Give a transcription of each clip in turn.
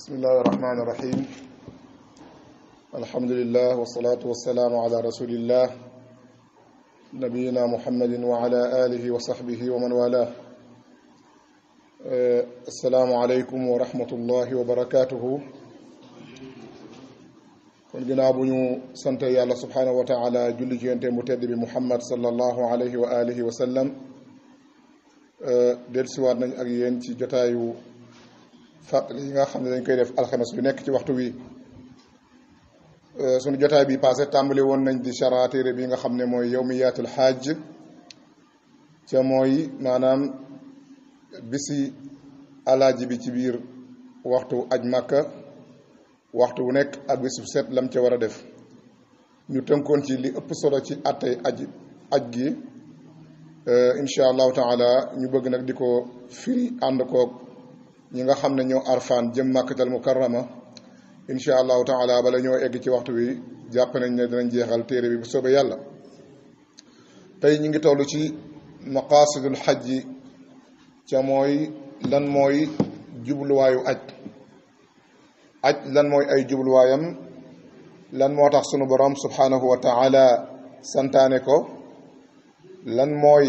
بسم الله الرحمن الرحيم الحمد لله والصلاة والسلام على رسول الله نبينا محمد وعلى آله وصحبه ومن والاه أه، السلام عليكم ورحمة الله وبركاته كنا بنيو سنت الله سبحانه وتعالى جل جنت متد بمحمد صلى الله عليه وآله وسلم درس وارنج أجيان جتايو fàttali yi nga xam ne dañ koy def alxames bi nekk ci waxtu wi sunu jotaay bi passé tàmbali woon nañ di chara téere bi nga xam ne mooy yawmiyatul xaaj ca mooy maanaam bisi alaaji bi ci biir waxtu aj màkka waxtu wu nekk ak bisu set lam ca war a def ñu tënkoon ci li ëpp solo ci attay aj aj gi incha allahu taala ñu bëgg nag di ko firi ànd koog ñi nga xam ne ñoo arfaan jëm màkkatal mukarrama incha allahu taala bala ñoo egg ci waxtu wi jàpp nañ ne dinañ jeexal téere bi bu soobee yàlla tey ñu ngi toll ci maqasidul xajji ca mooy lan mooy jubluwaayu aj aj lan mooy ay jubluwaayam lan moo tax sunu borom subhanahu wa taala santaane ko lan mooy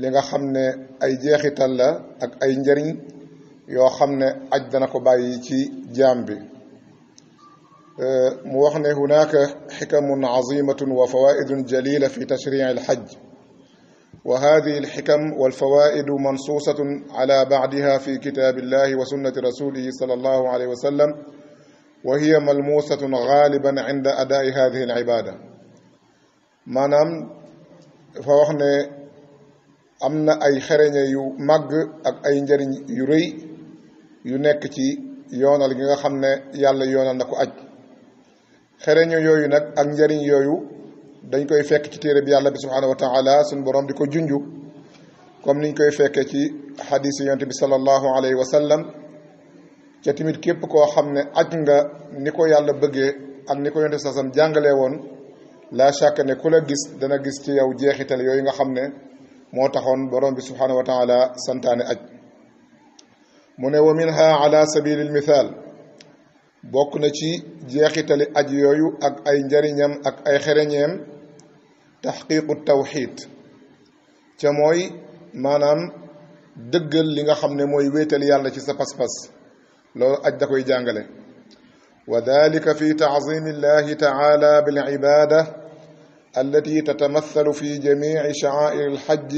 li nga xam ne ay jeexital la ak ay njariñ yoo xam ne aj dana ko bàyyi ci jaam bi mu wax ne hunaka xikamun azimatun wa fawaidun jalila fi tashrici alxaj وهذه الحكم والفوائد منصوصة على بعدها في كتاب الله وسنة رسوله صلى الله عليه وسلم وهي ملموسة غالبا عند أداء هذه العبادة منام فوحنا أمنا أي خرن يو مغ أك أي نجرن يري yu nekk ci yoonal gi nga xam ne yàlla yoonal na ko aj xereñu yooyu nag ak njariñ yooyu dañ koy fekk ci téere bi yàlla bi subhanahu wa taala suñ boroom di ko junju comme niñ koy fekkee ci xadiis yonte bi sallallahu alayhi wa sallam ca tamit képp koo xam ne aj nga ni ko yàlla bëggee ak ni ko yonte bi sasam jàngalee woon la shakka ne ku la gis dana gis ci yow jeexital yooyu nga xam ne moo taxoon borom bi subhanahu wa taala santaane aj منو منها على سبيل المثال بوك نتي جيختالي اج اك اي نجارينم اك اي خرينيم تحقيق التوحيد تا موي مانام دغل ليغا خامني موي ويتال يالا سي سباس باس لول اج داكوي وذلك في تعظيم الله تعالى بالعباده التي تتمثل في جميع شعائر الحج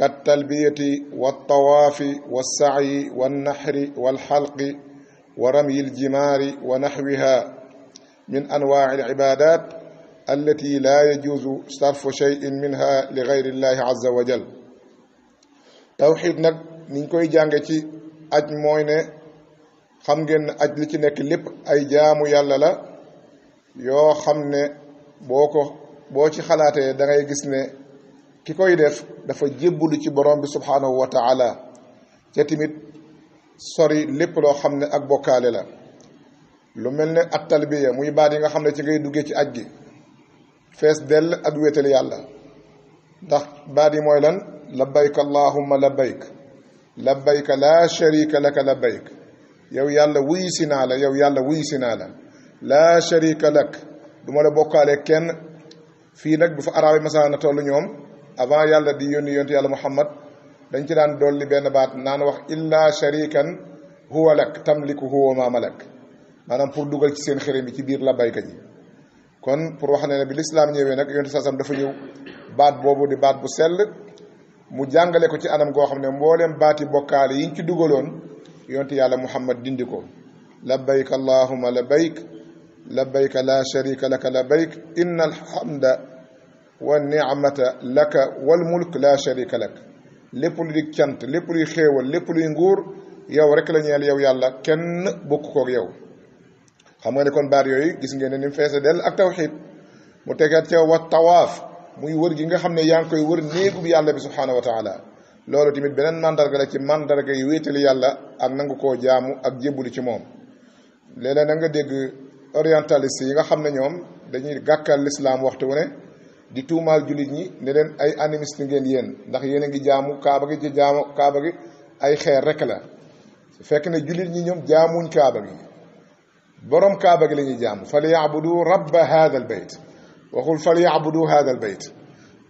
kattalbiyati waltawaafi walsacyi walnaxri walxalqi wa ramyi aljimaari wa naxwiha min anwaaci alcibadat allati laa yajuusu sarfu cheyin minha li gayri llahi wa jal tawxid nag niñ koy jànge ci aj mooy xam ngeen aj li ci nekk lépp ay jaamu yàlla la yoo xam ne boo ci xalaatee dangay ngay gis ne ki koy def dafa jébbalu ci borom bi subhanahu wa taala te tamit sori lépp loo xam ne ak bokkaale la lu mel ne at talbiya muy baat yi nga xam ne ci ngay duggee ci aj gi fees dell ak wéetal yàlla ndax baat yi mooy lan labbayk allahumma labbayk labbayka laa sharika laka labbayk yow yàlla wuy si naa la yow yàlla wuy si naa la laa sharika lak du ma la bokkaale kenn fii nag bu fa araabi masaana toll ñoom avant yàlla di yoni yonti yàlla muhammad dañ ci daan dolli benn baat naan wax illa sharikan huwa lak tamliku huwa ma malak manam pour dugal ci seen xërëm bi ci biir la bayka ji kon pour wax ne ne bi l'islam ñëwee nag yonti sasam dafa ñëw baat boobu di baat bu sell mu jàngale ko ci anam goo xam ne mbooleem baati bokkaale yiñ ci dugaloon yonti yàlla muhammad dindi ko labbayk allahumma labbayk labbayk la sharika laka labbayk innal hamda wa ni'mata laka wal mulk la sharika lak lépp lu di cant lépp luy xéewal lépp luy nguur yow rek la ñeel yow yàlla kenn bokk kook yow xam nga ne kon baat yooyu gis nga ne ni mu feese dell ak tawxiid mu tegaat ca wa tawaaf muy wër gi nga xam ne yaa ngi koy wër néegub yàlla bi subhaanahu wa taala loolu tamit beneen mandarga la ci mandarga yi wéetali yàlla ak nangu koo jaamu ak jébbuli ci moom léeg na nga dégg orientaliste yi nga xam ne ñoom dañuy gàkkal lislaam waxtu wu di tuumaal jullit ñi ne leen ay animiste ngeen yéen ndax yéen a ngi jaamu kaaba gi ci jaamu kaaba gi ay xeer rek la su fekk ne jullit ñi ñoom jaamuñ kaaba gi boroom kaaba gi la ñuy jaamu fal yaabudu rabba hada al bayt waxul fal yaabudu hada al bayt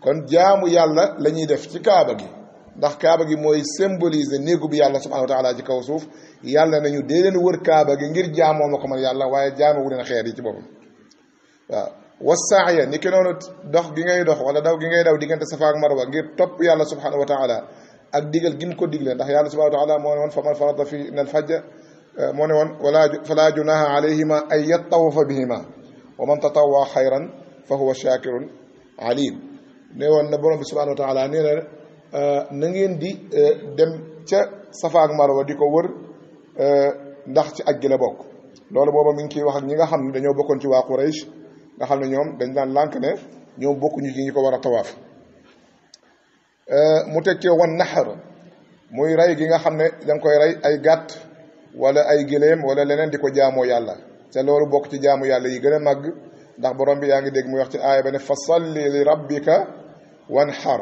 kon jaamu yàlla la ñuy def ci kaaba gi ndax kaaba gi mooy symboliser néegu bi yàlla subhanahu wa taala ci kaw suuf yàlla nañu dee leen wër kaaba gi ngir jaamoo ma ko man yàlla waaye jaamewu leen xeer yi ci boppam والسعي نكنون دخ جيني دخ ولا دو جيني دو ديجنت سفاق مروة جيب توب يا الله سبحانه وتعالى الدجل جن كو دجل دخ يا الله سبحانه وتعالى مون فمن فرض في الفجر مون ون ولا فلا جناها عليهما أن يطوف بهما ومن تطوع خيرا فهو شاكر عليم نيوان نبرم سبحانه وتعالى نير نعين دي دم تا سفاق مروة دي كور دخ تأجل بوك لولا بابا منكي وحد نيجا هم دنيو بكون تي وقريش nga xam ne ñoom dañ daan lànk ne ñoom bokkuñu ci ñu ko war a tawaaf euh, mu teg ci wan naxar muy rey gi nga xam ne da koy rey ay gàtt wala ay gëléem wala leneen di ko jaamoo yàlla te loolu bokk ci jaamu yàlla yi gën a màgg ndax borom bi yaa ngi dégg muy wax ci aaya ba ne fa salli li rabbika wan xar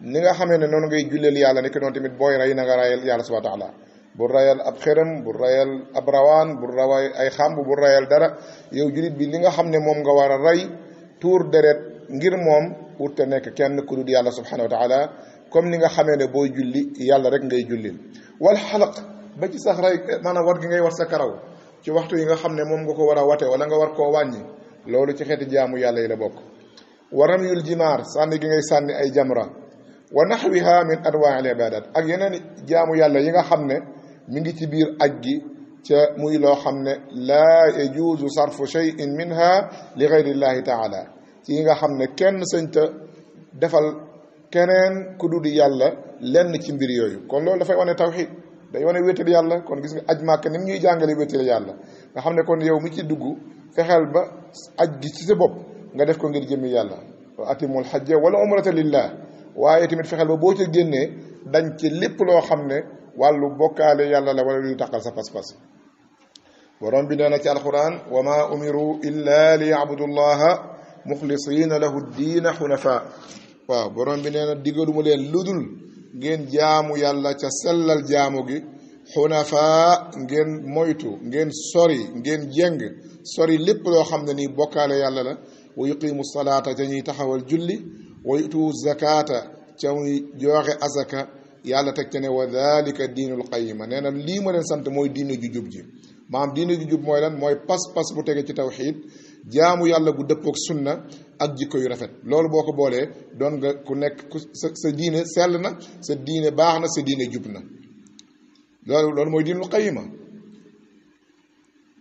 ni nga xamee ne noonu ngay julleel yàlla ni ki noonu tamit booy rey na nga rayal yàlla subhanahu wa taala bu rayal ab xëram bu rayal ab rawaan bu raway ay xàmb bu rayal dara yow julit bi li nga xam ne moom nga war a rey tuur deret ngir moom wut te nekk kenn ku yàlla subhanahu wa taala comme ni nga xamee ne booy julli yàlla rek ngay jullil wal xalaq ba ci sax rey war gi ngay war sa karaw ci waxtu yi nga xam ne moom nga ko war a wate wala nga war koo wàññi loolu ci xeeti jaamu yàlla yi la bokk waram yul jimaar sànni gi ngay sànni ay jamra wa naxwiha min anwaa al ibadat ak yeneen jaamu yàlla yi nga xam ne mi ngi ci biir aj gi ca muy loo xam ne laa yajuusu sarfu cheyin minha li gayrillahi taala ci yi nga xam ne kenn sëñta defal keneen ku dudi yàlla lenn ci mbir yooyu kon loolu dafay wane tawxid day wane wéetal yàlla kon gis nga aj màkk ni ñuy jàngale wéetal yàlla nga xam ne kon yow mi ci dugg fexeel ba aj gi ci sa bopp nga def ko ngir jëmmi yàlla wa atimul xajja wala umrata lillah waaye tamit fexeel ba boo ca génnee dañ ci lépp loo xam ne wàllu bokkaale yàlla la wala lu ñu taqal sa pas-pas borom bi nee na ci alquran wa ma umiru illa li yabudu llaha muxlisina lahu diina xunafa waaw borom bi nee na digaluma leen ludul ngeen jaamu yàlla ca sellal jaamu gi xunafa ngeen moytu ngeen sori ngeen jeng sori lépp loo xam ne nii bokkaale yàlla la wa yuqimu salaata ca ñuy taxawal julli wa yutu zakata ca muy jooxe azaka yàlla teg ca ne wa dalika diinul qayima nee na lii ma leen sant mooy diine ju jub ji maam diine ju jub mooy lan mooy pas-pas bu tege ci tawxiid jaamu yàlla gu dëppook sunna ak jikko yu rafet loolu boo ko boolee doon nga ku nekk ku sa sa diine sell na sa diine baax na sa diine jub na loolu loolu mooy diinul qayima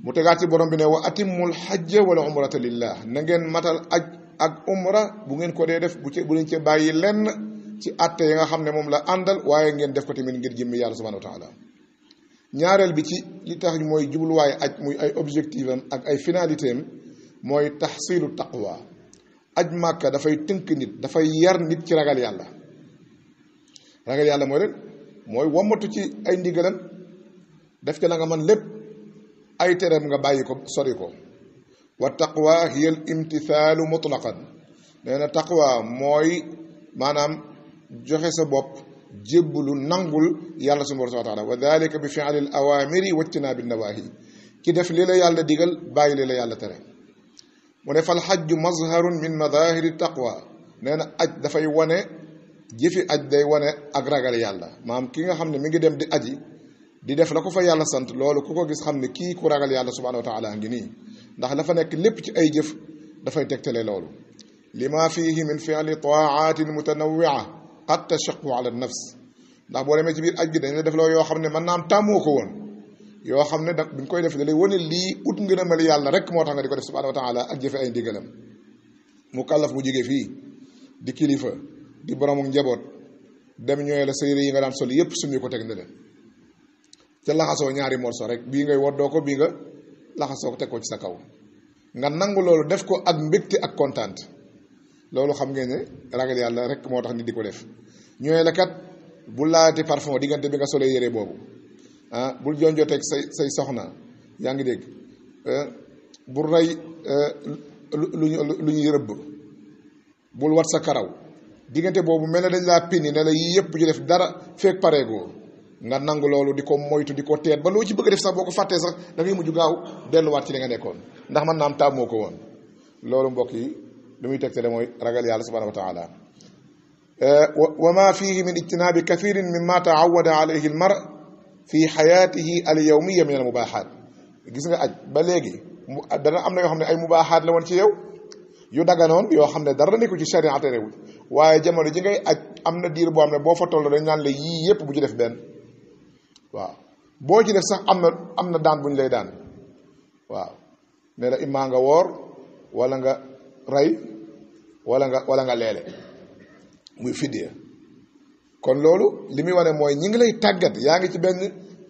mu tegaat ci borom bi ne wa atimul xajja wala umrata lillah na ngeen matal aj ak umra bu ngeen ko dee def bu ci bu leen ci bàyyi lenn ci atte yi nga xam ne moom la àndal waaye ngeen def ko tamit ngir jëmmi yàlla subhanahu wa ñaareel bi ci li tax mooy jubluwaay aj muy ay objectif ak ay finalité am mooy taxsilu taqwa aj màkka dafay tënk nit dafay yar nit ci ragal yàlla ragal yàlla mooy rek mooy wommatu ci ay ndigalam def ca la nga man lépp ay tereem nga bàyyi ko sori ko wa taqwa hiya al imtithaalu mutlaqan nee mooy maanaam joxe sa bopp jébbalu nangul yàlla suñu borom subhanahu wa taala wa dalika bi fi'l al awamiri wa ijtinaabi nawahi ki def li la yàlla digal bàyyi li la yàlla tere mu ne fal hajj mazharun min madahiri taqwa nee na aj dafay wone jëfi aj day wone ak ragal yàlla maam ki nga xam ne mi ngi dem di aji di def la ko fa yàlla sant loolu ku ko gis xam ne kii ku ragal yàlla subhanahu wa taala ngi nii ndax la fa nekk lépp ci ay jëf dafay tegtale loolu lima fihi min fi'li taatin mutanawwi'a حتى شقوا على النفس دا بو ريمي جي بير اجي دا نلا دافلو يو خامني مان نام تامو كو وون يو خامني دا بن كوي ديف دالاي وني لي اوت غنمال يالا رك موتا غا ديكو ديف سبحانه وتعالى اجي في اي ديغلام مكلف بو جيغي في دي كليفا دي بروم نجابوت دم نيو لا سيري ييغا دام سولي ييب سوميكو تك نلا تي لاخاسو نياري مورسو رك بي غاي ودوكو بيغا لاخاسو تكو سي سا كاو nga nangu lolou def ko ak mbekté ak contente loolu xam ngeen ne ragal yàlla rek moo tax nit di ko def ñooy la kat bul laajati parfum diggante bi nga solee yére boobu ah bul jonjoteeg say say soxna yaa ngi dégg eh, bu rey eh, lu ñu lu ñuy rëbb bul wat sa karaw diggante boobu mel na dañ laa pini ne la yii yëpp ju def dara feeg pareegoo nga nangu loolu di ko moytu di ko teet ba loo ci bëgg def sax boo ko fàttee sax da ngay mujj gaaw delluwaat ci li nga nekkoon ndax man naam taamoo ko woon loolu mbokk yi لم يتكلم رجل يا سبحانه وتعالى وما فيه من اجتناب كثير مما تعود عليه المرء في حياته اليومية من المباحات جسنا بلجي درنا أمنا يوم أي مباحات لو نشيء يو دعانون يو هم ندرنا نيكو جشارة عتري واي جمال جنگي أمنا دير بو أمنا بو فتول رنجان لي يب بوجي دف بن وا بوجي دف سان أمنا أمنا دان بون لي دان وا نلا إمانغا وور ولا راي wala nga wala nga leele muy fidya kon loolu li muy wane mooy ñi ngi lay tàggat yaa ngi ci benn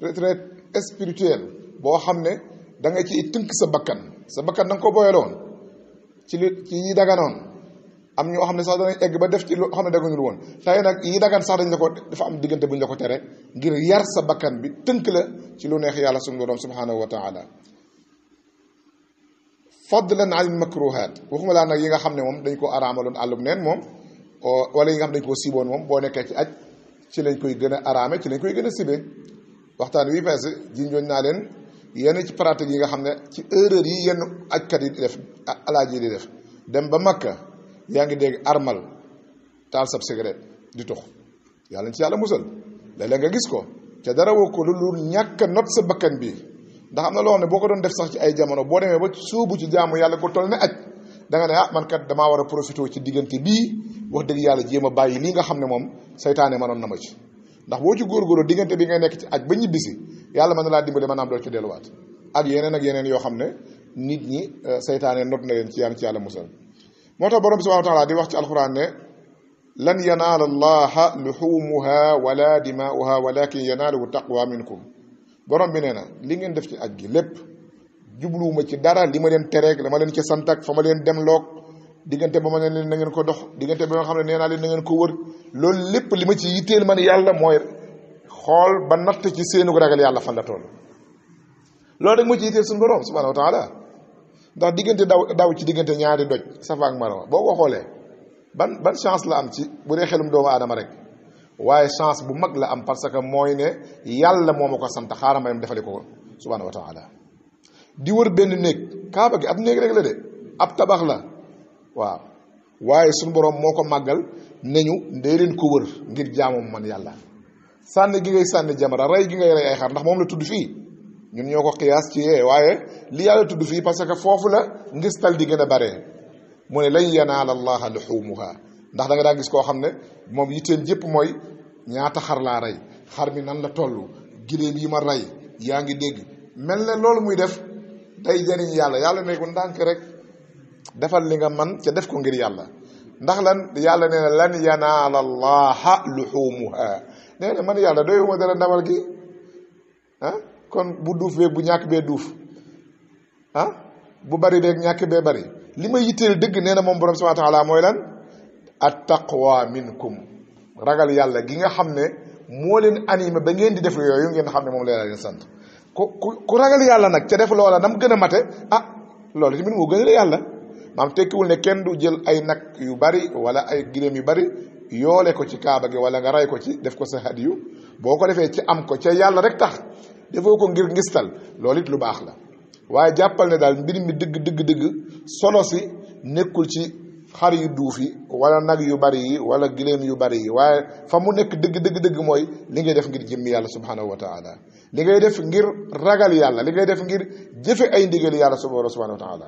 retraite spirituelle boo xam ne da ci ciy tënk sa bakkan sa bakkan da nga ko boyaloon ci li ci yi daganoon am ñoo xam ne sax danañ egg ba def ci lu xam ne dagañul woon tey nag yi dagan sax dañ la ko dafa am diggante bu ñu la ko tere ngir yar sa bakkan bi tënk la ci lu neex yàlla suñu borom subhanahu wa taala fadlan anil makruhat waxuma laa nag yi nga xam ne moom dañ koo araamaloon àllum neen moom wala yi nga xam dañ koo siboon moom boo nekkee ci aj ci lañ koy gën a araame ci lañ koy gën a sibee waxtaan wi fees jinjoon naa leen yenn ci pratique yi nga xam ne ci erreur yi yenn ajkat yi di def alaaj yi di def dem ba makka yaa ngi dégg armal taal sab cigarette di tux yàlla ci yàlla musal léeg nga gis ko ca dara woo ko lu ñàkk not sa bakkan bi ndax am na loo xam ne boo ko doon def sax ci ay jamono boo demee ba suubu ci jaamu yàlla ko toll ne aj da nga ne ah man kat damaa war a profité ci diggante bii wax dëgg yàlla jéem a bàyyi lii nga xam ne moom saytaane manoon na ma ci ndax boo ci góorgóorlu diggante bi ngay nekk ci aj ba ñibbisi yàlla mën na laa dimbale maanaam doo ci delluwaat ak yeneen ak yeneen yoo xam ne nit ñi euh, saytaane not na leen ci yaan ci yàlla musal moo tax borom bi subhanahu wa taala di wax ci alquran ne lan yanaala allaha luxumuha wala dimaauha walakin yanaaluhu taqwa minkum borom bi nee na li ngeen def ci aj gi lépp jubluwuma ci dara li ma leen tereeg la ma leen ca sant ak fa ma leen dem loog diggante ba ma ne leen na ngeen ko dox diggante ba nga xam ne nee naa leen na ngeen ko wër loolu lépp li ma ci yitteel man yàlla mooy xool ba natt ci seenu ragal yàlla fan la toll loolu rek moo ci yitteel suñu borom subhanahu wa taala ndax diggante daw daw ci diggante ñaari doj safa ak marwa boo ko xoolee ban ban chance la am ci bu dee xelum doomu aadama rek waaye chance bu mag la am parce que mooy ne yàlla moo ma ko sant xaaral ma dem defali ko subhaanahu wa taala di wër benn néeg kaaba gi ab néeg rek la de ab tabax la waaw waaye suñu borom moo ko màggal ñu dee leen ko wër ngir jaamu man yàlla sànni gi ngay sànni jamara rey gi ngay rey ay xar ndax moom la tudd fii ñun ñoo ko xiyaas ci yee waaye li yàlla tudd fii parce que foofu la ngistal di gën a bare mu ne lan yanaala allaha luxumuha ndax da daa gis koo xam ne moom yitteem jëpp mooy ñaata xar laa rey xar mi nan la toll giléem yi ma rey yaa ngi dégg mel ne loolu muy def day jariñ yàlla yàlla ne ko ndànk rek defal li nga man ca def ko ngir yàlla ndax lan yàlla nee na lan yanaala llaha luxumuha nee na man yàlla doy ma dara ndamal gi ah? kon bu duuf beeg bu ñàkk bee duuf ah? bu bari beeg ñàkk bee bari li ma yitteel dëgg nee na moom borom subhanahu wa taala mooy lan at taqwa minkum ragal yàlla gi nga xam ne moo leen animé ba ngeen di def yooyu ngeen xam ne moom la yàlla leen sant ku ku ku ragal yàlla nag ca def loola nam gën a mate ah loolu tamit moo gën a yàlla maam tekkiwul ne kenn du jël ay nag yu bari wala ay giléem yu bari yoole ko ci kaaba gi wala nga ray ko ci def ko sa hadiyu boo ko defee ci am ko ca yàlla rek tax defoo ko ngir ngistal loolu it lu baax la waaye jàppal ne daal mbir mi dëgg dëgg nekkul ci xar yu duuf yi wala nag yu bari yi wala gileen yu bari yi waaye fa mu nekk dëgg dëgg dëgg mooy li ngay def ngir jëmmi yàlla subhanahu wa taala li ngay def ngir ragal yàlla li ngay def ngir jëfe ay ndigal yàlla subhanahu wa taala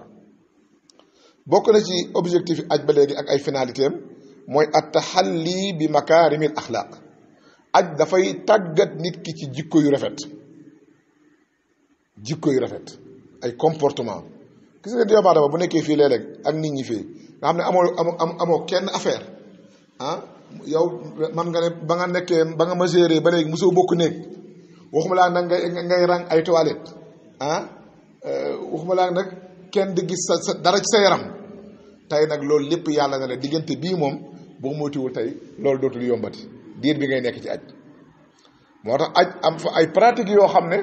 bokk na ci objectif yi aj ba léegi ak ay finalité am mooy attaxalli bi makaarimil axlaaq aj dafay tàggat nit ki ci jikko yu rafet jikko yu rafet ay comportement gis nga doomu aadama bu nekkee fii léeg-léeg ak nit ñi fii nga xam ne amoo amoo amoo kenn affaire ah yow man nga ne ba nga nekkee ba nga majeure ba léegi mosoo bokk néeg waxuma laa nag ngay ngay rang ay toilettes ah euh, waxuma laa nag kenn di gis sa sa dara ci sa yaram tey nag loolu lépp yàlla na la diggante bii moom boo moytuwul tey loolu dootul yombati diir bi ngay nekk ci aj moo tax aj am fa ay pratiques yoo xam ne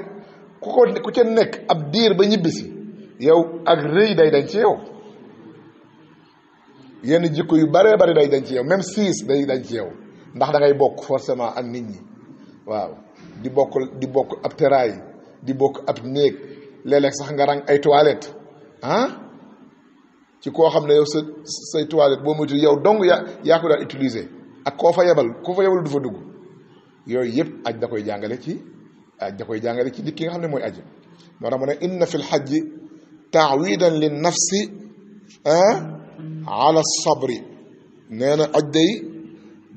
ku ko ku ca nekk ab diir ba ñibbisi yow ak rëy day dañ ci yow. yenn jikko yu bëree bëri day dañ ci yow même siis day dañ ci yow ndax da ngay bokk forcément ak nit ñi waaw di bokk di bokk ab teraay di bokk ab néeg léeg sax nga rang ay toilettes ah ci koo xam ne yow sa say toilette boo moytu yow dong yaa yaa ko daal utiliser ak koo fa yebal koo fa yebal du fa dugg yooyu yëpp aj da koy jàngale ci aj da koy jàngale ci nit ki nga xam ne mooy aji moo tax mu ne inna fil xajji taawidan lin nafsi ah ala sabri nee na aj day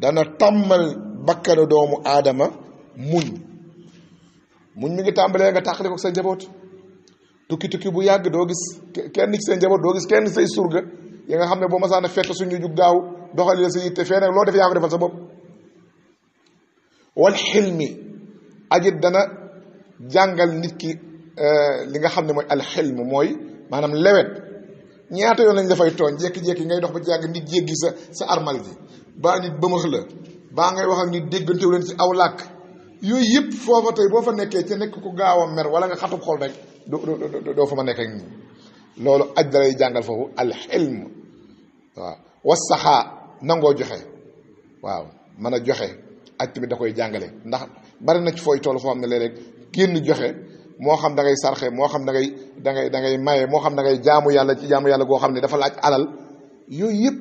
dana tàmmal bakkanu doomu aadama muñ muñ mi ngi tàmbalee nga tàqali sa njaboot tukki tukki bu yàgg doo gis kenn ci seen njaboot doo gis kenn say surga yi nga xam ne boo masaan a su suñu jug gaaw doxali la sa yitte fee loo def yaa defal sa bopp wal xilmi ajit dana jàngal nit ki eh, li nga xam ne mooy alxilm mooy maanaam lewet ñaata yoon lañ dafay tooñ jekki jékki ngay dox ba jàgg nit jéggi sa sa armal ji baa nit bëmax la baa ngay wax ak nit déggantewu leen ci aw làkk yooyu yëpp foofa tey boo fa nekkee ca nekk ku gaaw a mer wala nga xatub xol rek doo fa ma nekk ak ñi loolu aj dalay jàngal foofu alxilm waaw wasaxaa nangoo joxe waaw mën a joxe aj tamit da koy jàngale ndax bari na ci fooy toll foo xam ne léeg-léeg génn joxe moo xam da ngay sarxe moo xam da ngay da ngay da ngay maye moo xam da ngay jaamu yàlla ci jaamu yàlla goo xam dafa laaj alal yooyu yëpp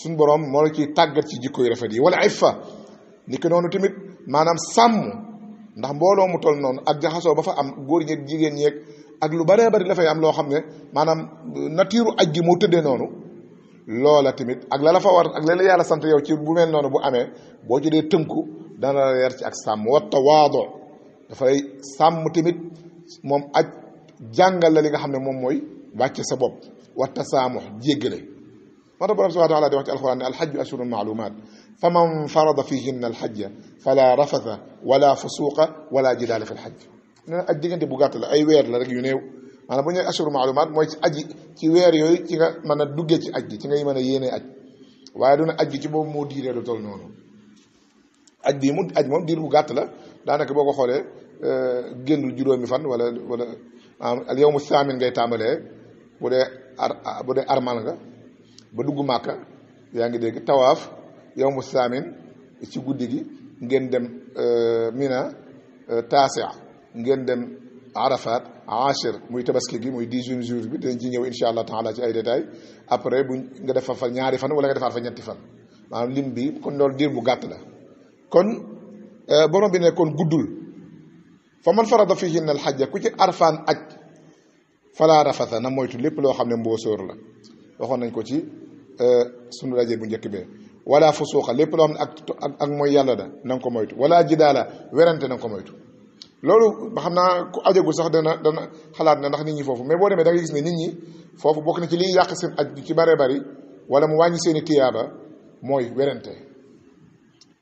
suñ borom moo la ciy tàggat ci jikko yu rafet yi wala iffa ni ki noonu tamit maanaam sàmm ndax mbooloo mu toll noonu ak jaxasoo ba fa am góor ñeeg jigéen ñeeg ak lu bare bëri dafay am loo xam ne natiru natiiru aj gi nonu tëddee noonu loola tamit ak la la fa war ak la la yàlla sant yow ci bu mel noonu bu amee boo ci dee tënku dana la leer ci ak sàmm wa tawaado dafay sàmm tamit moom aj jàngal la li nga xam ne moom mooy wàcce sa bopp waxta saamux jéggale moo tax borom subhaanahu wa taala di wax ci alxuraan ne alxajju ashhurun maalumaat fa man farada fihinna alxajja fala rafatha wala fusuqa wala jidaala fi lxajj nee na aj diggante bu gàtt la ay weer la rek yu néew maanaam bu ñu nee ashhurun maalumaat mooy ci ci weer yooyu ci mën a duggee ci aj gi ci ngay mën a yéenee aj waaye duna aj gi ci boobu moo diiree lu toll noonu aj bii mu aj moom diir bu gàtt la daanaka boo ko xoolee euh, génnul juróomi fan wala wala al yawmu saamin ngay tàmbalee bu dee ar bu dee armal nga ba dugg màkka yaa ngi dégg tawaaf yawmu saamin ci guddi gi ngeen dem euh, mina euh, taasia ngeen dem arafat achir muy tabaski gi muy dix-huit jours bi dinañ ci ñëw insha allah taala ci ay détails après bu nga defa fa ñaari fan wala nga fa ñetti fan lim bi kon loolu diir bu gàtt la borom bi ne kon guddul fa man farada fihinna al xajja ku ci arfaan aj fala rafasa na moytu lépp loo xam ne mboosóor la waxoon nañ ko ci sunu rajo bu njëkk bi wala fusuuqa lépp loo xam ne ak ak mooy yàlla da na ko moytu wala jidaala werante na nga ko moytu loolu xam naa ku ajagul sax dana dana xalaat na ndax nit ñi foofu mais boo demee da nga gis ne nit ñi foofu bokk na ci liy yàq seen aj ci bare bari wala mu wàññi seen i tiyaaba mooy werante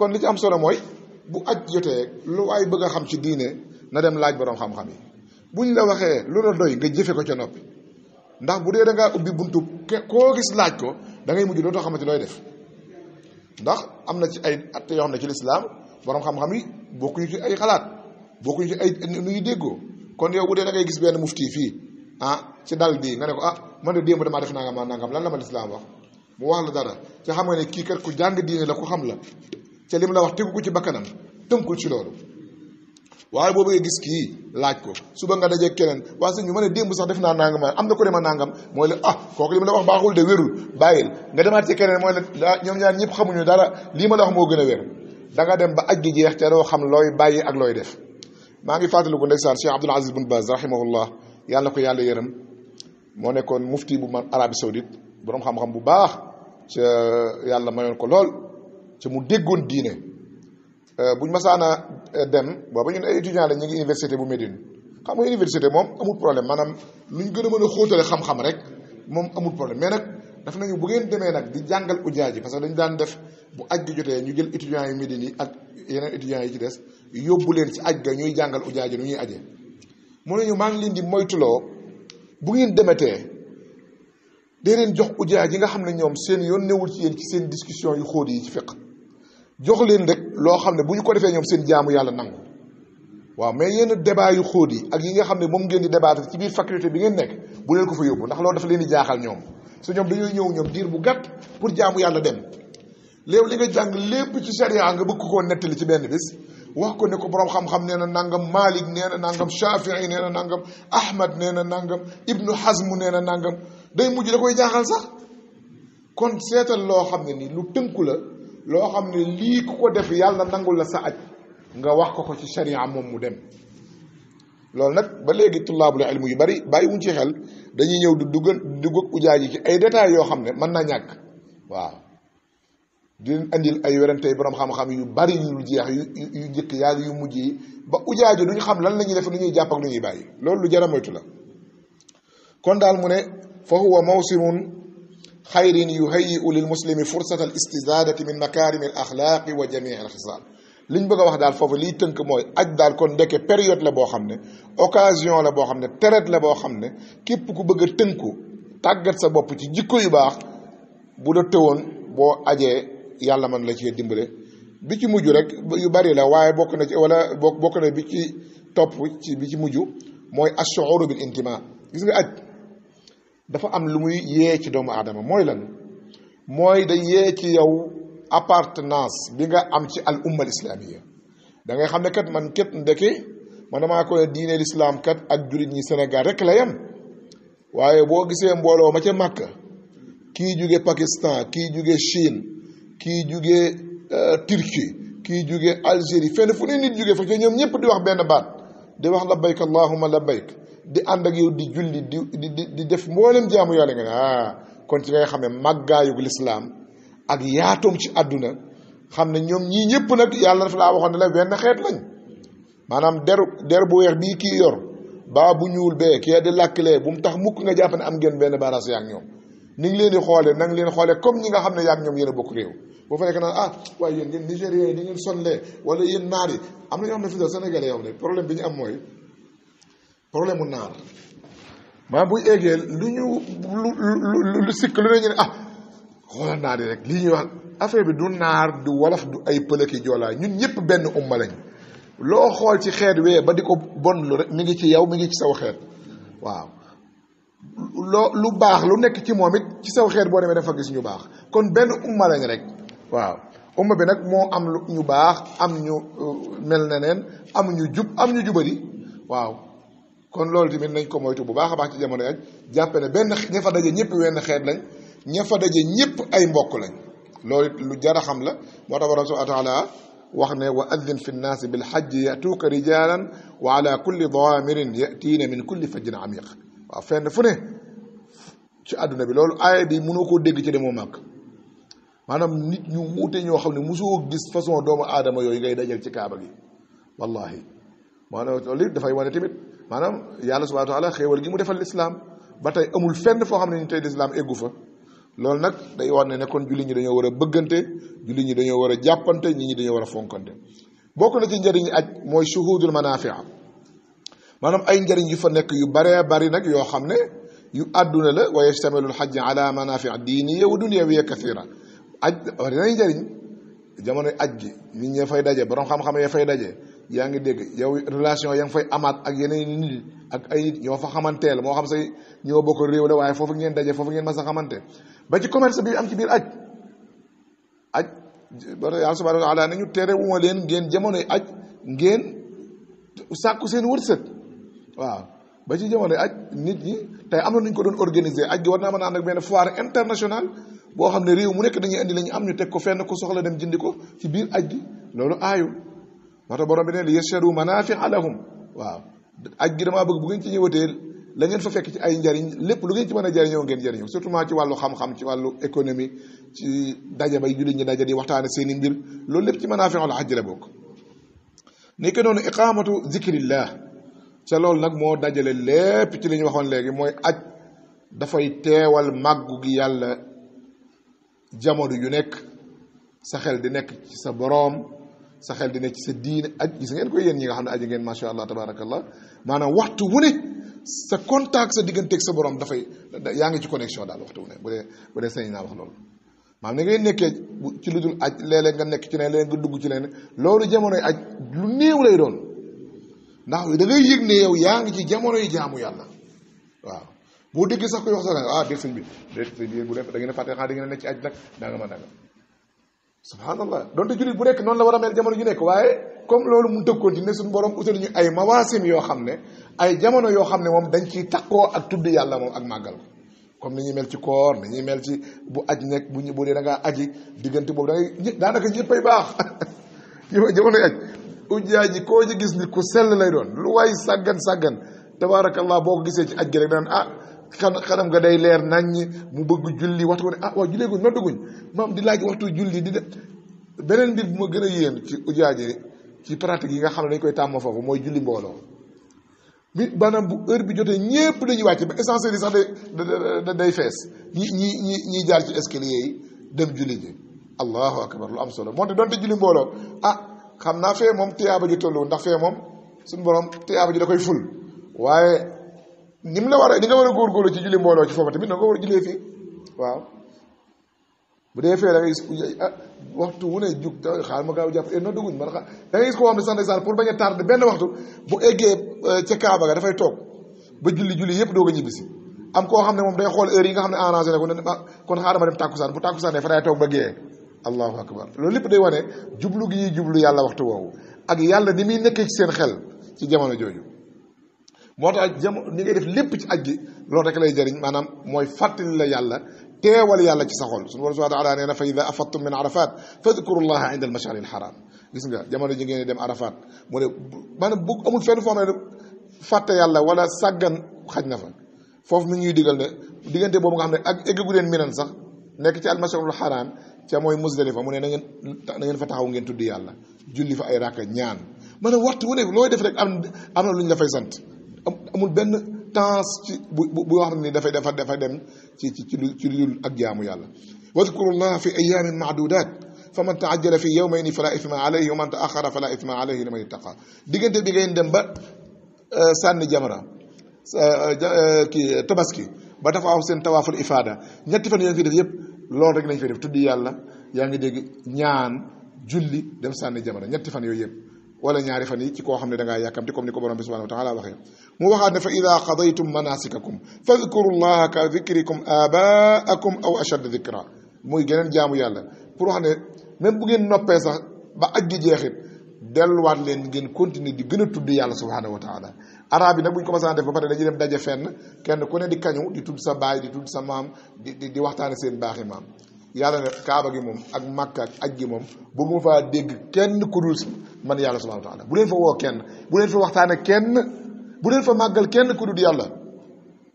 kon li ci am solo mooy bu aj jote lu waay bëgg a xam ci diine na dem laaj borom xam-xam yi buñ la waxee lu la doy nga jëfe ko ca noppi ndax bu dee da nga ubbi buntu koo gis laaj ko da ngay mujj dootoo xamante looy def ndax am na ci ay atte yoo xam ne ci lislaam borom xam-xam yi bokkuñu ci ay xalaat bokkuñu ci ay nu ñuy déggoo kon yow bu dee da ngay gis benn mufti fii ah ci dal bi nga ne ko ah man de démb dama def nangam nangam lan la ma lislaam wax mu wax la dara ca xam nga ne kii kat ku jàng diine la ku xam la ca lim la wax tegu ko ci bakkanam tënkul ci loolu waaye boo bëggee gis kii laaj ko suba nga dajeeg keneen waa sëñ bi ma ne démb sax def naa nangam am na ko dema nangam mooy la ah kooku li ma la wax baaxul de wérul bàyyil nga demaat ci keneen mooy la ñoom ñaar ñëpp xamuñu dara lii ma la wax moo gën a wér da nga dem ba aj gi jeex te doo xam looy bàyyi ak looy def maa ngi fàttaliku ndeysaan Cheikh Abdoul Aziz Bun Baz rahimahullah yàlla na ko yàlla yërëm moo nekkoon mufti bu man Arabie Saoudite borom xam-xam bu baax ca yàlla mayoon ko lool ci mu déggoon diine euh, buñ masaan a euh, dem booba ñun ay étudiant la ñu ngi université bu Médine xam nga université moom amul problème maanaam lu ñu gën a mën a xóotale xam-xam rek moom amul problème mais nag daf nañu bu ngeen demee nag di jàngal ujaaj ji parce que dañu daan def bu aj gi jotee ñu jël étudiants yu Médine yi ak yeneen étudiants yi ci des yóbbu leen ci aj ga ñuy jàngal ujaaj ji nu ñuy ajee mu ne ñu maa ngi leen di moytuloo bu ngeen demetee dee leen jox ujaaj yi nga xam ne ñoom seen yoon newul ci yéen ci seen discussion yu xóot yi ci jox leen rek loo xam ne bu ñu ko defee ñoom seen jaamu yàlla nangu waaw mais yenn débat yu xóot yi ak yi nga xam ne moom ngeen di débattre ci biir faculté bi ngeen nekk bu leen ko fa yóbbu ndax loolu dafa leen di jaaxal ñoom su ñoom dañoo ñëw ñoom diir bu gàtt pour jaamu yàlla dem léew li nga jàng lépp ci sharia nga bëgg koo nettali ci benn bis wax ko ne ko borom xam-xam nee na nangam Malik nee na nangam Shafii nee na nangam Ahmad nee na nangam Ibnu Hazm nee na nangam day mujj da koy jaaxal sax kon seetal loo xam ne ni lu tënku la loo xam ne lii ku ko def yàlla nangul la sa aj nga wax ko ko ci sharia moom mu dem loolu nag ba léegi tullaabul ilmu yu bari bàyyi wuñ ci xel dañuy ñëw du dugg dugg ak ujaaj yi ci ay détails yoo xam ne mën naa ñàkk waaw di leen andil ay werantey borom xam-xam yu bari yu jeex yu yu njëkk yaa yu mujj yi ba ujaaju duñu xam lan la ñuy def lu ñuy jàpp lu ñuy bàyyi loolu lu jar a moytu la kon daal mu ne fa huwa mawsimun خير يهيئ للمسلم فرصة الاستزادة من مكارم الأخلاق وجميع الخصال liñ bëgg wax daal foofu liy tënk mooy aj daal kon ndeke période la boo xam ne occasion la boo xam ne traite la boo xam ne képp ku bëgg a tënku tàggat sa bopp ci jikko yu baax bu la tëwoon boo ajee yàlla man la cee dimbale bi ci mujj rek yu bari la waaye bokk na ci wala bokk na bi ci topp ci bi ci mujj mooy assuuru bil intima gis nga aj dafa am lu muy yee ci doomu aadama mooy lan mooy da yee ci yow appartenance bi nga am ci al umma al islamia da ngay xam ne kat man kat ndeke man dama ko ne diine l'islam kat ak julit ñi sénégal rek la yam waaye boo gisee mbooloo ma ca màkk kii jóge pakistan ki jóge chine ki jóge euh, turquie ki jóge algérie fenn fu ne nit jóge fa ca ñoom ñëpp di wax benn baat di wax labbayk allahuma labbayk di ànd ak yow di julli di di di def mboolem jaamu yàlla nga ne ah kon ci ngay xamee màggaayug lislaam ak yaatoom ci àdduna xam ne ñoom ñii ñëpp nag yàlla dafa laa waxoon ne la wenn xeet lañ maanaam der bu weex bii kii yor baa bu ñuul bee kii di làkkilee bu mu tax mukk nga jàpp ne am ngeen benn baras yaa ngi ñoom ni leen di xoolee na ngi xoolee comme ñi nga xam ne yaa ngi ñoom yéen a bokk réew boo fa nekk naan ah waaye yi ni ngeen sonlee wala yéen naar yi am na ñoo xam ne fi Sénégalais yow ne problème bi ñu am mooy problème mu naar maanaam buy eggee lu ñu lu lu sikk lu ne ñu ne ah xoolal naar yi rek lii ñuy wax affaire bi du naar du wolof du ay pël ki joolaa ñun ñëpp benn umma lañ loo xool ci xeet wee ba di ko bon lu rek mi ngi ci yow mi ngi ci saw xeet waaw loo lu baax lu nekk ci moom it ci saw xeet boo demee dafa gis ñu baax kon benn umma lañ rek waaw umma bi nag moo am ñu baax am ñu euh, mel ne neen am ñu jub am ñu jubari waaw kon loolu tamit nañ ko moytu bu baax a baax ci jamono aj jàppe ne benn ña fa daje ñëpp wenn xeet lañ ña fa daje ñëpp ay mbokk lañ loolu lu jara xam la moo tax borom subhanahu wa taala wax ne wa adhin fi nnaasi bil hajj yatuka rijalan wa ala kulli dhamirin yatina min kulli fajjin amiq wa fenn fu ne ci aduna bi loolu aaya bi mënoo ko dégg ci demoo màkk maanaam nit ñu wuute ñoo xam ne mosoo gis façon doomu aadama yooyu ngay dajal ci kaaba gi wallahi maanaam loolu it dafay wane tamit manam yàlla subhanahu wa taala xewal gi mu defal l'islam batay amul fenn fo xamne ni tay l'islam eggu fa lol nak day wone ne kon julli ñi dañu wara a bëggante julli ñi dañu wara jàppante ñi ñi dañu wara fonkante bokku na ci njëriñi aj moy shuhudul manafi' manam ay njëriñ yu fa nek yu bare bari nak yo xamne yu aduna la way yastamilu hajj ala manafia diniyya wa dunyawiyya kathira aj bari na njëriñ jamono aj gi nit ñe fay dajje borom xam-xam ya fay dajje yaa ngi dégg yow relation ya fay amaat ak yeneen nit ak ay nit ñoo fa xamanteel moo xam say ñoo bokk réew la waaye foofu ngeen daje foofu ngeen mas a xamante ba ci commerce bi am ci biir aj aj yàlla subhanahu wa taala nañu tere wuma leen ngeen jamonoy aj ngeen sàkku seen wërsëg waaw ba ci jamono aj nit ñi tey am na nuñ ko doon organiser aj gi war naa mën a ànd ak benn foire international boo xam ne réew mu nekk dañuy indi la ñu am ñu teg ko fenn ko soxla dem jëndi ko ci biir aj gi loolu aayul moo borom bi ne li yashadu manafi'a lahum wa aj gi bëgg bu ngeen ci ñëwëteel la ngeen fa fekk ci ay njariñ lépp lu ngeen ci mën a jariñoo ngeen jariñoo surtout ci wàllu xam-xam ci wàllu économie ci daje bay julli ñi daje di waxtaane seeni mbir loolu lépp ci manafi'ul hajj la bokk nekk noonu iqamatu zikrillah ca loolu nag moo dajale lépp ci li ñu waxoon léegi mooy aj dafay teewal màggu gi yàlla jamono yu nekk sa xel di nekk ci sa boroom sa xel dina ci sa diine aj gis ngeen ko yéen ñi nga xam ne aji ngeen macha allah tabarakallah maanaam waxtu wu ne sa contact sa digganteeg sa borom dafay yaa ngi ci connexion daal waxtu wu ne bu naa wax loolu maanaam ni ngay nekkee ci lu dul aj léeg nekk ci ne léeg nga dugg ci leen loolu jamonoy aj lu néew lay doon ndax da ngay yëg ne yow yaa ngi ci jamonoy jaamu yàlla waaw boo déggee sax koy wax sax ah dégg sëñ bi dégg sëñ bi bu def da ngeen a fàtte xanaa da ngeen a ci aj nag nanga ma nanga subhanallah donte jullit bu nekk noonu la war a mel jamono ju nekk waaye comme loolu mun tëg continuer suñu borom utal ñu ay mawaasim yoo xam ne ay jamono yoo xam ne moom dañ ciy takkoo ak tudd yàlla moom ak màggal ko ni ñuy mel ci koor ni ñuy mel ci bu aj nekk bu ñu boo dee da ngaa aji diggante boobu da ngay daanaka ñëppay baax jamono aj ujjaa ji ko ji gis ni ku sell lay doon lu waay sàggan sàggan tabaarakallah boo ko gisee ci aj gi rek daan ah xanam nga day leer naññ mu bëgg julli waxtu ko ne ah waaw jullee guñ noddu guñ maam di laaj waxtu julli di def beneen mbir bu ma gën a yéen ci ujaaje ci pratique yi nga xam ne dañ koy tàmm foofu mooy julli mbooloo mi maanaam bu heure bi jotee ñépp dañuy wàcc ba essentiel yi sax day day fees ñi ñi ñi ñiy jaar ci escalier yi dem julli ji allahu akbar lu am solo moo te doonte julli mbooloo ah xam naa fee moom tiyaaba ji tollu ndax fee moom suñu borom tiyaaba ji da koy ful ni mu la war a ni nga wara gor góorgóorlu ci julli mbolo ci foofa tamit nga wara julle fi waaw bu defé da ngay gis ah waxtu wu ne jug xal ma gaaw jàpp e no duguñ man xal da ngay gis koo xam ne sax pour baña tard ben waxtu bu eggee ci Kaaba ga da fay tok ba julli julli yëpp do nga ñibisi am ko xamne mom day xol heure yi nga xamne arrangé ko ne kon xaaral ma dem takusan bu takusan fa day tok ba gee allahu akbar lolou lépp day wone jublu gi ñuy jublu yàlla waxtu woowu ak yàlla ni mi nekk ci seen xel ci jamono jooju moo tax jam ni ngay def lépp ci aj gi loolu rek lay jëriñ maanaam mooy fàttali la yàlla teewal yàlla ci sa xol suñu borom subhanahu wa taala nee na fa ida afattum min arafat fadkuru llaha inda al mashari al haram gis nga jamono ji ngeen dem arafat mu ne maanaam bu amul fenn foo xam ne fàtte yàlla wala sàggan xaj na fa foofu mi ngi ñuy digal ne diggante boobu nga xam ne ak eggagu leen minan sax nekk ci al mashari al haram ca mooy musdalifa mu ne na ngeen na ngeen fa taxaw ngeen tudd yàlla julli fa ay ràkka ñaan maanaam waxtu wu ne looy def rek am am na lu ñu la fay sant amul ben temps ci bu bu boo xam ne dafay dafa dafa dem ci ci ci lu ak jaamu yàlla wa llaha fi ayaamin ma'dudat faman ta'ajjala fi yawmayn fala ithma alayhi wa man ta'akhkhara fala ithma alayhi liman ittaqa diggante bi ngeen dem ba sànni jamra ki tabaski ba dafa aw sen tawaful ifada ñetti fan yeen fi def yëpp lool rek lañ fi def tuddi yàlla ya nga deg ñaan julli dem sànni jamra ñetti fan yoy yëpp wala ñaari fan yi ci ko xamne ne da ngaa yàkkamti comme ni ko borom bi subhanahu wa taala waxe وحد فإذا قضيتم مناسككم فاذكروا الله كذكركم آباءكم أو أشد ذكرا muy geneen jaamu yàlla pour wax ne même bu ngeen noppee sax ba aj gi jeexit delluwaat leen ngeen continuer di gën a tudd yàlla subhanahu wa taala arab yi nag buñ commencé def ba pare dañuy dem daje fenn kenn ku ne di kañu di tudd sa baay di tudd sa maam di di di waxtaane seen baaxi maam yàlla ne kaaba gi moom ak makka ak aj gi moom bëgguma faa dégg kenn ku dul man yàlla subhanahu wa taala bu leen fa woo kenn bu leen fa waxtaane kenn bu leen fa màggal kenn ku dul yàlla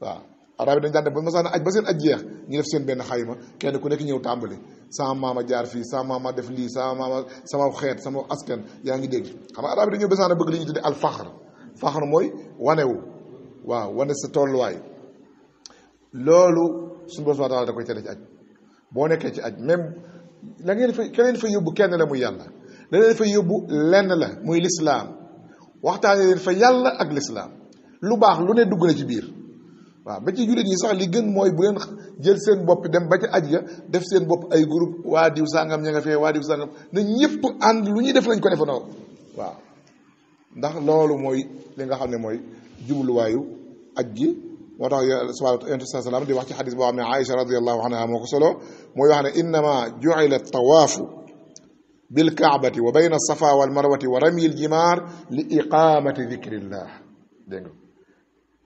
waaw arab yi dañ daan def ba masaan aj ba seen aj jeex ñu def seen benn xayma kenn ku nekk ñëw tàmbali sama maama jaar fii sama maama def lii sama maama sama xeet sama askan yaa ngi dégg xam nga arab yi dañoo basaan a bëgg li ñuy tuddee al faxar faxar mooy wanewu waaw wane sa tolluwaay loolu suñu borom taala da koy tere ci aj boo nekkee ci aj même la ngeen fa keneen fa yóbbu kenn la muy yàlla la leen fa yóbbu lenn la muy lislaam waxtaanee leen fa yàlla ak lislaam lu baax lu ne dugg na ci biir waaw ba ci jullit yi sax li gën mooy bu leen jël seen bopp dem ba ci aj ga def seen bopp ay groupe waa diw sàngam ña nga fee waa diw sàngam na ñëpp ànd lu ñuy def lañ ko defandoo waaw ndax loolu mooy li nga xam ne mooy jubluwaayu aj gi moo tax yonente saa salaam di wax ci hadith boo xam ne aïcha radiallahu anha moo ko solo mooy wax ne innama juila tawaafu بالكعبة وبين الصفا والمروة ورمي الجمار لإقامة ذكر الله dégg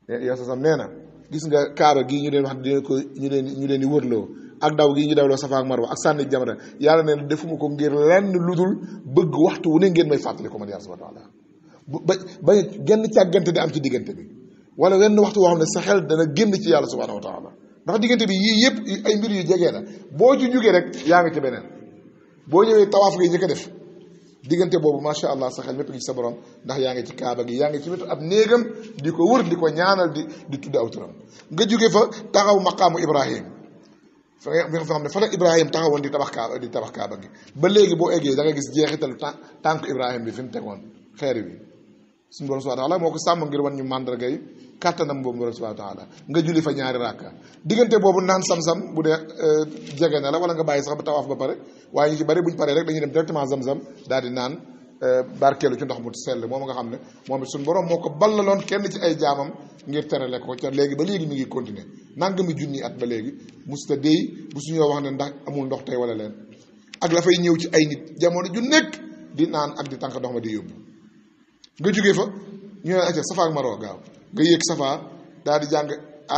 nga yow sam nee na gis nga kaaba gii ñu leen wax di ko ñu leen ñu leen di wërloo ak daw gii ñu dawloo safa ak marwa ak sànni jamra yàlla nee na defuma ko ngir lenn lu dul bëgg waxtu wu ne ngeen may fàttali ko man yàlla subhanahu wa taala ba ba genn càggante di am ci diggante bi wala wenn waxtu woo xam ne sa xel dana génn ci yàlla subhanahu wa taala ndax diggante bi yii yëpp ay mbir yu jegee la boo ci jugee rek yaa ngi ci beneen boo ñëwee tawaaf ngay njëkk a def diggante boobu macha allah sa xel mépp ngi ci sa borom ndax yaa ngi ci kaaba gi yaa ngi ci wetu ab néegam di ko wër di ko ñaanal di di tudd aw turam nga jóge fa taxaw maqaamu Ibrahim fa nga xam ne fa Ibrahim taxawoon di tabax kaaba di tabax kaaba gi ba léegi boo eggee da nga gis jeexital tànk Ibrahim bi fi mu tegoon xeer wi suñu borom subhanahu wa taala moo ko sàmm ngir wan ñu màndarga yi kàttanam boobu borom subhanahu wa taala nga julli fa ñaari rakka diggante boobu naan sam-sam bu dee euh, jege na la wala nga bàyyi sax ba tawaaf ba pare waaye ñu ci bari buñ paree rek dañuy dem directement zam sam daal di naan euh, barkeelu ci ndox mu sell moom nga xam ne moom it suñu borom moo ko ballaloon kenn ci ay jaamam ngir terale ko ca léegi ba léegi mi ngi continuer nangami junni at ba léegi musta déy bu suñoo wax ne ndax amul ndox tey wala leen ak la fay ñëw ci ay nit jamono ju nekk di naan ak di tànk ndox ma di yóbbu nga fa ñu ne nga yéeg safa daal di jàng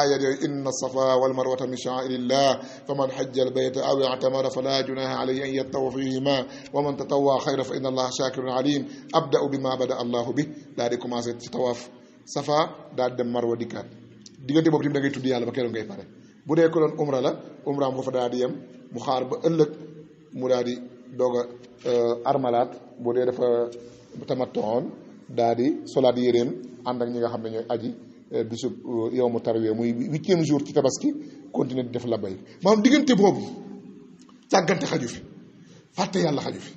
ayat yooyu inna safa wal marwata min sha'airillah faman hajja al bayta aw i'tamara fala junaha alayhi an yattawa fihima wa man tatawwa khayra fa inna allaha shakirun alim abda'u bima bada allahu bi daal di commencé ci tawaaf safa daal di dem marwa dikkaat diggante boobu tamit da ngay tudd yàlla ba keroog ngay pare bu dee ko doon umra la umraam ko fa daal di yem mu xaar ba ëllëg mu daal di doog a bu dee dafa tamattoon daal di solaat yéreem ànd ak ñi nga xam ne ñooy aji eh, bisub eh, yow mu tarwee muy huitième jour ci tabaski continuer di def la bay maanaam diggante boobu càggante xaju fi fàtte yàlla xaju fi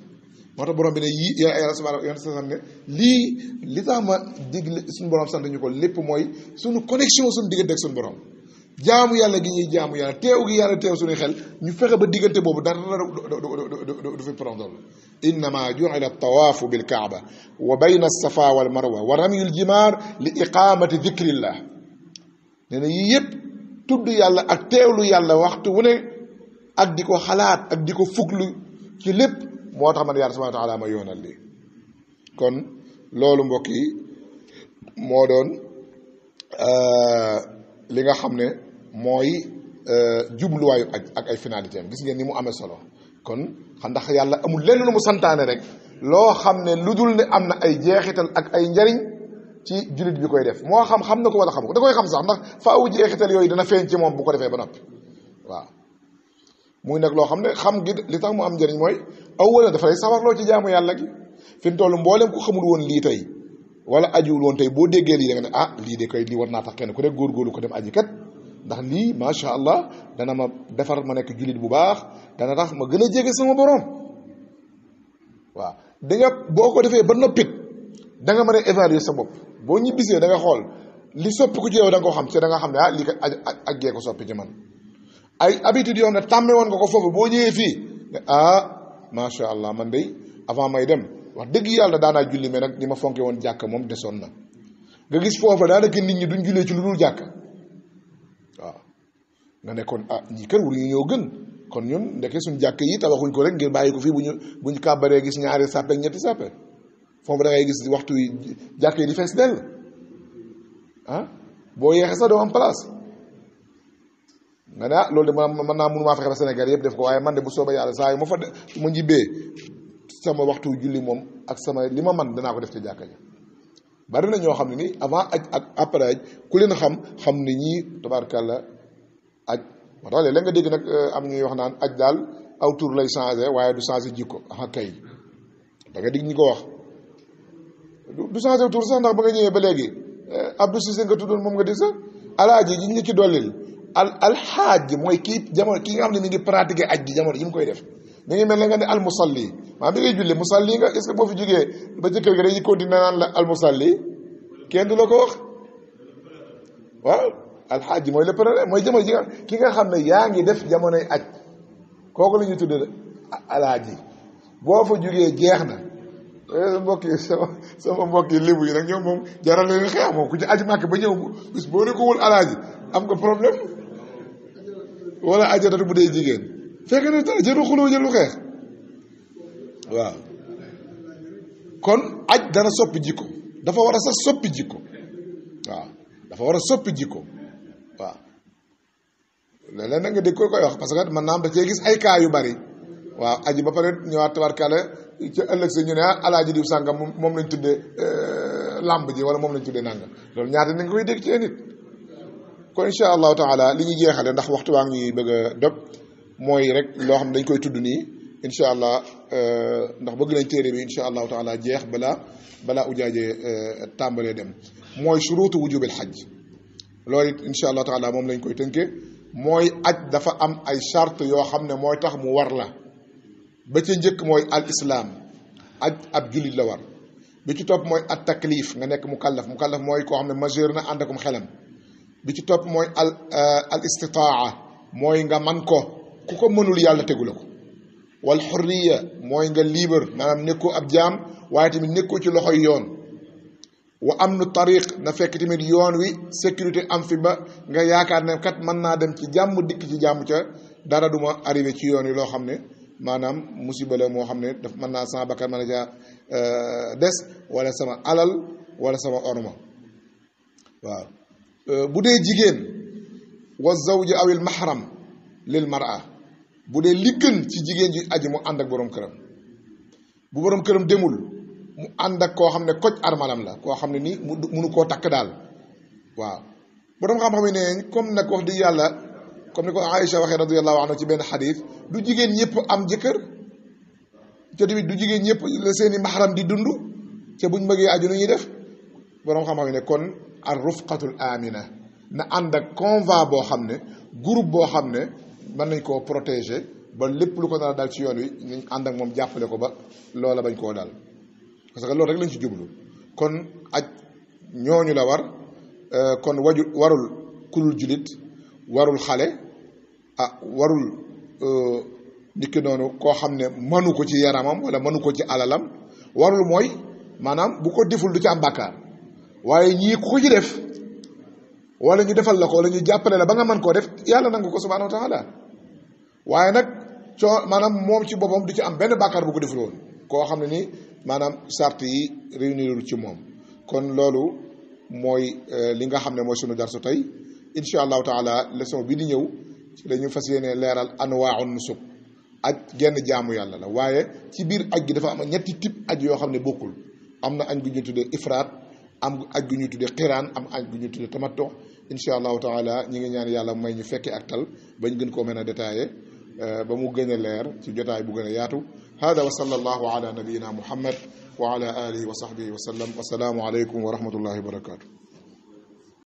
moo tax borom bi ne yii yàlla subhanahu wa ta'ala ne lii li tax ma digle suñu borom sant ñu ko lépp mooy suñu connexion suñu diggante ak suñu borom jaamu yàlla gi ñuy jaamu yàlla teew gi yàlla teew suñuy xel ñu fexe ba diggante boobu dara du fi prendre innama ju'ila at-tawaafu bil kaaba wa bayna as-safa wal marwa wa ramyu al-jimaar li iqaamati dhikrillah nee na yii yëpp tudd yàlla ak teewlu yàlla waxtu wu ne ak di ko xalaat ak di ko fuglu ci lépp moo tax man yàlla subhanahu wa taala ma yoonal lii kon loolu mbokk yi moo doon li nga xam ne mooy euh, jubluwaayu aj ak ay finalité am gis ngeen ni mu amee solo kon xam ndax yàlla amul lenn lu mu santaane rek loo xam ne lu dul ne am na ay jeexital ak ay njariñ ci jullit bi koy def moo xam xam na ko wala xam ko da koy sax ndax faawu jeexital yooyu dana feeñ ci moom bu ko defee ba noppi waaw muy nag loo xam ne xam gi li tax mu am njariñ mooy awwala dafa lay sawarloo ci jaamu yàlla fi mu toll mboolem ku xamul woon lii tey wala ajiwul woon tey boo déggee lii da ne ah lii de koy lii war naa tax kenn ku ne góorgóorlu ko dem aji kat ndax lii macha allah dana ma defar ma nekk jullit bu baax dana tax ma gën a jege sama borom waaw da boo ko defee ba noppit danga nga mën a évaluer sa bopp boo ñibbisee da nga xool li soppi ko ci yow da nga ko xam te da xam ne ah lii kat ak gee ko ay habitude yoo xam tàmme woon nga ko foofu boo ñëwee fii ah macha allah man day avant may dem wax dëgg yàlla daanaa julli mais nag ni ma fonke woon jàkk moom desoon na nga gis foofa daanaka nit ñi duñ jullee ci lu dul jàkk nga nekkoon ah ñi kan wul ñu ñoo gën kon ñun ndeke suñ jàkk yi tabaxuñ ko rek ngir bàyyi ko fii bu ñu bu ñu kàbbaree ya gis ñaari sàppe ak ñetti sàppe foofu da ngay gis waxtu yi yi di fees dell ah boo yeexee sax doo am place nga ne ah loolu de mën naa mënumaa fexe ba Sénégal yëpp def ko waaye man de bu soobee yàlla saa yu ma fa ma sama waxtu julli moom ak sama li ma man danaa ko def ci jàkka ja bari na ñoo xam ne ni avant aj ak après aj ku leen xam xam ne ñii aj moo tax léeg-léeg nga dégg nag euh, am ñuy wax naan aj daal aw tur lay changé waaye du changé jikko ah kay da nga dégg ñi ko wax du changé tur sax ndax ba nga ñëwee ba léegi euh, Abdou Cissé nga tuddoon moom nga di sax alaaji ji ñu ci dollil al alxaaj mooy kii jamono kii nga am ne mi ngi pratiquer aj gi jamono yi mu koy def mi ngi mel na nga ne almusalli maa mi ngay julli musalli nga est-ce que boo fi jógee ba ci kër gi dañuy continuer naan la almusalli kenn du la ko wax waaw alxaaji mooy le problème mooy jamono ji ki nga xam ne yaa ngi def jamonoy aj kooku la ñuy tuddee alxaaji boo fa jugee jeex na eh, sama mbokk yi sama mbokk yi lébu yi nag ñoom moom jaral leen xeex moom ku ci aj màkk ba ñëw bis boo ne ko wul alaaj am nga problème wala ajatatu bu dee jigéen fekk na dara jëru xuloo jëru xeex waaw kon aj dana soppi jikko dafa war a sax soppi jikko waaw dafa war a soppi jikko waaw léeg-léeg nag nga dégg ko koy wax parce que man naam da cee gis ay cas yu bari waaw aji ba pare ñëwaat tabarkaale ci ëllëg si ñu ne ah alaaji diw sàngam moom lañ tuddee euh, làmb ji wala moom lañ tuddee nangam loolu ñaata ni nga koy dégg ci nit kon incha allahu taala li ñu jeexale ndax waxtu waa ngi bëgg a dog mooy rek loo xam ne dañ koy tudd nii incha allah euh, ndax bëgg nañ téere bi incha allahu taala jeex balaa balaa ujaaje euh, tàmbalee dem mooy suruutu wujubil xaj loolu it incha allah taala moom lañ koy tënkee mooy aj dafa am ay charte yoo xam ne mooy tax mu war la ba ci njëkk mooy al islaam aj ab jullit la war bi ci topp mooy at taklif nga nekk mu kallaf mu kallaf mooy koo xam ne majeur na ànd akum xelam bi ci topp mooy al al istitaa mooy nga man ko ku ko mënul yàlla tegu la ko wal xurriya mooy nga libre maanaam nekkoo ab jaam waaye tamit nekkoo ci loxoy yoon wa am nu tariq na fekk tamit yoon wi sécurité am fi ba nga yaakaar ne kat mën naa dem ci jàmm dikk ci jàmm ca dara du arrivé ci yoon wi loo xam ne maanaam musiba la moo xam ne daf mën naa sama bakkan mën euh, des wala sama alal wala sama ormo waaw euh, bu dee jigéen wa zawja awil mahram lil mar'a bu dee li ci jigéen ji aji mu ànd ak borom këram bu borom këram demul mu ànd ak koo xam ne koj armalam la koo xam ne ni mu munu koo takk daal waaw borom xam-xam yi ne comme nag wax dëgg yàlla comme ni ko Aïcha waxee radiyallahu anha ci benn xadis du jigéen ñëpp am jëkkër te tamit du jigéen ñëpp la seen i di dund te buñ bëggee aju nu ñuy def borom xam-xam ne kon ar rufqatul amina na ànd ak convoi boo xam ne groupe boo xam ne mën nañ koo protéger ba lépp lu ko nar a dal ci yoon wi nañ ànd ak moom jàppale ko ba loola bañ koo dal parce que loolu rek lañ ci jublu kon aj ñooñu la war euh, kon waju warul kulul julit warul xale a ah, warul euh, niki noonu koo xam ne mënu ko ci yaramam wala mënu ko ci alalam warul mooy maanaam bu ko deful du ci am bàkkaar waaye ñii ku ko ci def wala ñu defal la ko wala ñu jàppale la ba nga mën koo def yàlla nangu ko subhaanahu wa waaye nag coo maanaam moom ci boppam du ci am benn bàkkaar bu ko deful koo xam ne nii maanaam sart yi réunirul ci moom kon loolu mooy euh, li nga xam ne mooy suñu sunu darsu tey incha allahu taala leçon bi di ñëw ci la fas yéene leeral anwaau nusuk aj genn jaamu yàlla la waaye ci biir aj gi dafa am ñetti type aj yoo xam ne bokkul am na aj gu ñu tuddee ifraat am aj gu ñu tuddee xiraan am aj gu ñu tuddee tamattu incha allahu taala ñi ngi ñaan yàlla may ñu fekkee ak tal bañ gën koo mën a détaillé euh, ba mu gën a leer ci jotaay bu gën a yaatu هذا وصلى الله على نبينا محمد وعلى آله وصحبه وسلم والسلام عليكم ورحمة الله وبركاته